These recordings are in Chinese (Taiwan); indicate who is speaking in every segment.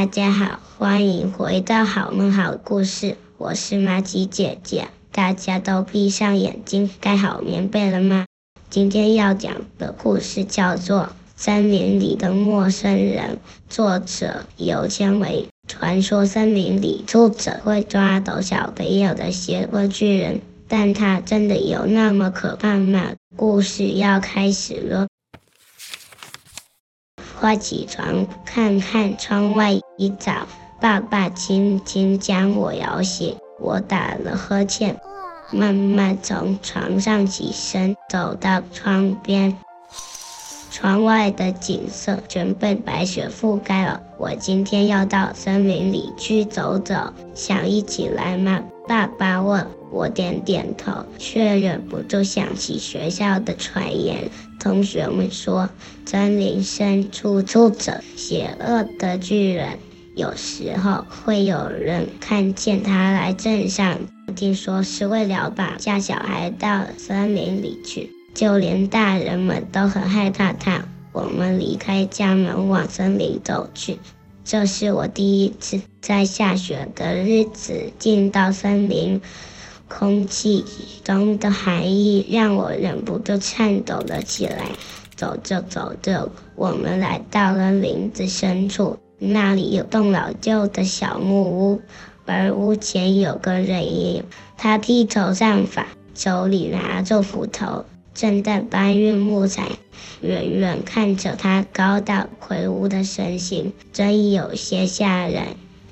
Speaker 1: 大家好，歡迎回到好夢好故事，我是瑪吉姐姐。大家都閉上眼睛，蓋好棉被了嗎？今天要講的故事叫做《森林裡的陌生人》，作者游千葦。傳說森林裡住着會抓走小朋友的邪惡巨人，但他真的有那麼可怕嗎？故事要開始了。快起床，看看窗外。一早，爸爸輕輕將我搖醒，我打了呵欠，慢慢從床上起身，走到窗邊。窗外的景色全被白雪覆蓋了。我今天要到森林裡去走走，想一起來嗎？爸爸問，我點點頭，卻忍不住想起學校的傳言。同學們說，森林深處住着邪惡的巨人，有時候會有人看見他來鎮上，聽說是為了綁架小孩到森林裡去。就連大人們都很害怕他。我們離開家門，往森林走去。這是我第一次在下雪的日子進到森林，空氣中的寒意讓我忍不住顫抖了起來。走着走着，我們來到了林子深處，那裡有棟老舊的小木屋，而屋前有個人影，他披頭散髮，手裡拿着斧頭。正在搬運木材，遠遠看着他高大魁梧的身形，真有些嚇人。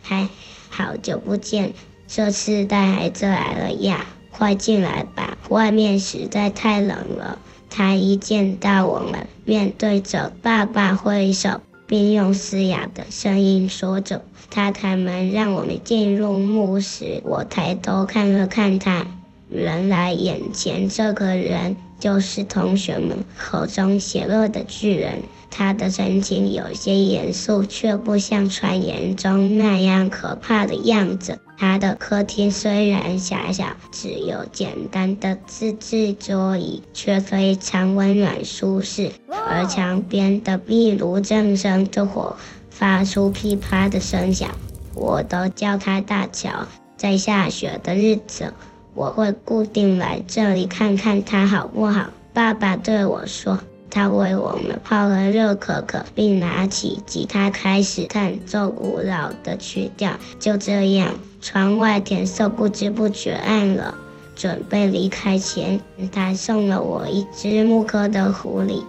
Speaker 1: 嗨，好久不見，這次帶孩子來了呀，快進來吧，外面實在太冷了。他一見到我們，面對着爸爸揮手，並用嘶啞的聲音說着。他開門讓我們進入木屋時，我抬頭看了看，看他，原來眼前這個人，就是同學們口中邪惡的巨人，他的神情有些嚴肅，卻不像傳言中那樣可怕的樣子。他的客廳雖然狹小，只有簡單的自制桌椅，卻非常溫暖舒適。Whoa! 而牆邊的壁爐正生着火，發出噼啪的聲響。我都叫他大喬，在下雪的日子我會固定來這裡看看他好不好。爸爸對我說，他為我們泡了熱可可，並拿起吉他開始彈奏古老的曲調。就這樣，窗外天色不知不覺暗了。準備離開前，他送了我一隻木刻的狐狸。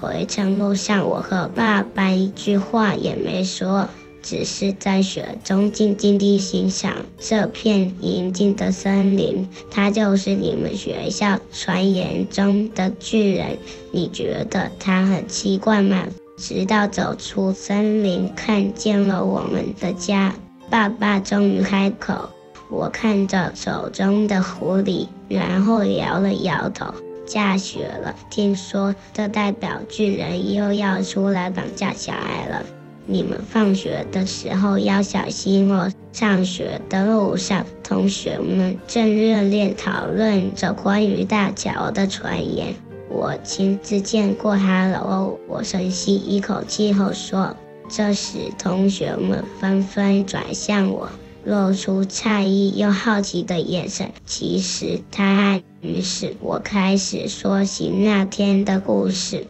Speaker 1: 回程路上，我和爸爸一句話也沒說。只是在雪中靜靜地欣賞這片寧靜的森林，他就是你們學校傳言中的巨人。你覺得他很奇怪嗎？直到走出森林，看見了我們的家，爸爸終於開口。我看着手中的狐狸，然後搖了搖頭。下雪了，聽說這代表巨人又要出來綁架小孩了。你們放學的時候要小心哦。上學的路上，同學們正熱烈討論着關於大橋的傳言。我親自見過他了哦。我深吸一口氣後說。這時，同學們紛紛轉向我，露出詫異又好奇的眼神。其實他……於是，我開始說起那天的故事。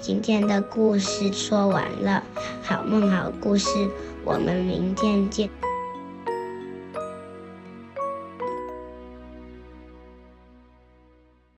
Speaker 1: 今天的故事說完了，好夢好故事，我們明天見。